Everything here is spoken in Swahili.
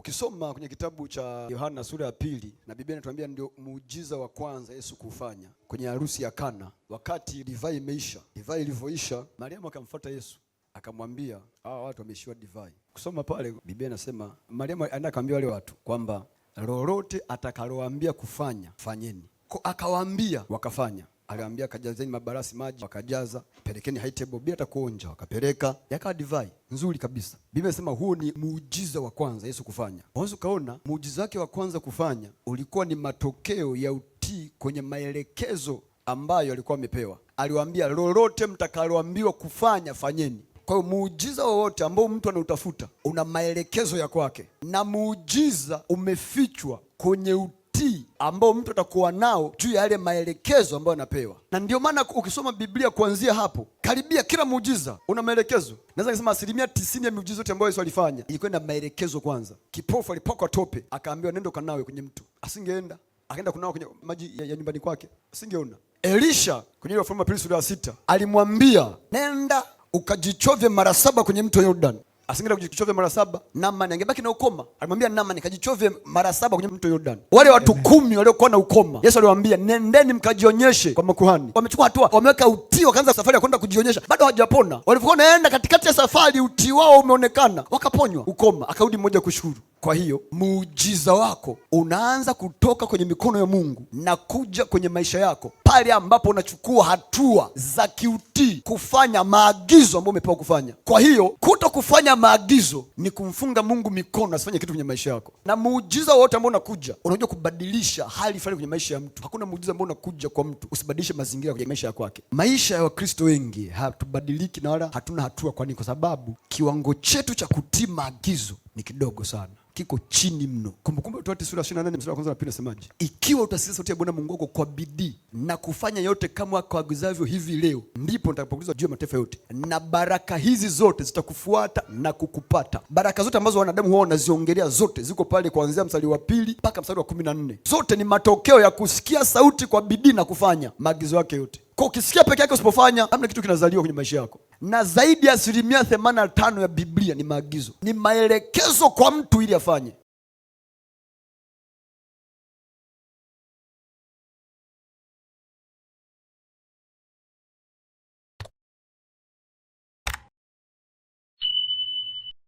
Ukisoma kwenye kitabu cha Yohana sura ya pili, na Biblia inatuambia ndio muujiza wa kwanza Yesu kufanya kwenye harusi ya Kana, wakati divai imeisha. Divai ilivyoisha, Mariamu akamfuata Yesu akamwambia, hawa watu wameishiwa divai. kusoma pale Biblia inasema Mariamu aenda akamwambia wale watu kwamba lolote atakaloambia kufanya fanyeni, akawaambia wakafanya aliwaambia kajazeni mabarasi maji, wakajaza, pelekeni table bila hata kuonja, wakapeleka yakawa divai nzuri kabisa. Biblia inasema huo ni muujiza wa kwanza Yesu kufanya. Unaweza ukaona muujiza wake wa kwanza kufanya ulikuwa ni matokeo ya utii kwenye maelekezo ambayo alikuwa amepewa. Aliwaambia lolote mtakaloambiwa kufanya fanyeni. Kwa hiyo muujiza wowote ambao mtu anautafuta una maelekezo ya kwake, na muujiza umefichwa kwenye utii utii ambao mtu atakuwa nao juu ya yale maelekezo ambayo anapewa, na ndio maana ukisoma Biblia kuanzia hapo, karibia kila muujiza una maelekezo. Naweza kusema asilimia tisini ya miujiza yote ambayo Yesu alifanya ilikuwa na maelekezo. Kwanza kipofu alipakwa tope, akaambiwa nenda kanawe kwenye mtu, asingeenda akaenda kunawa kwenye maji ya, ya nyumbani kwake, asingeona. Elisha kwenye ile Wafalme wa Pili sura ya sita alimwambia nenda ukajichovye mara saba kwenye mto Yordani asingeenda kujichovya mara saba Naamani angebaki na ukoma. Alimwambia Naamani kajichove mara saba kwenye mto Yordani. Wale watu kumi waliokuwa na ukoma, Yesu aliwaambia nendeni mkajionyeshe kwa makuhani. Wamechukua hatua, wameweka utii, wakaanza safari ya kwenda kujionyesha, bado hawajapona. walivokuwa naenda katikati ya safari, utii wao umeonekana, wakaponywa ukoma. Akarudi mmoja kushukuru. Kwa hiyo muujiza wako unaanza kutoka kwenye mikono ya Mungu na kuja kwenye maisha yako pale ambapo unachukua hatua za kiutii kufanya maagizo ambayo umepewa kufanya. Kwa hiyo kuto kufanya maagizo ni kumfunga Mungu mikono asifanye kitu kwenye maisha yako. Na muujiza wote ambao unakuja unakuja kubadilisha hali fulani kwenye maisha ya mtu. Hakuna muujiza ambao unakuja kwa mtu usibadilishe mazingira kwenye maisha ya kwake. Maisha ya Wakristo wengi hatubadiliki na wala hatuna hatua. Kwa nini? Kwa sababu kiwango chetu cha kutii maagizo ni kidogo sana, kiko chini mno. Kumbukumbu la Torati sura 28 mstari wa kwanza na pili nasemaje? Ikiwa utasikiza sauti ya Bwana Mungu wako kwa bidii na kufanya yote kama kuagizavyo hivi leo, ndipo nitakapokuza juu ya mataifa yote, na baraka hizi zote zitakufuata na kukupata. Baraka zote ambazo wanadamu huwa wanaziongelea zote ziko pale, kuanzia mstari wa pili mpaka mstari wa kumi na nne zote ni matokeo ya kusikia sauti kwa bidii na kufanya maagizo yake yote. Kwa ukisikia peke yake usipofanya, hamna kitu kinazaliwa kwenye maisha yako na zaidi ya asilimia themanini tano ya Biblia ni maagizo, ni maelekezo kwa mtu ili afanye.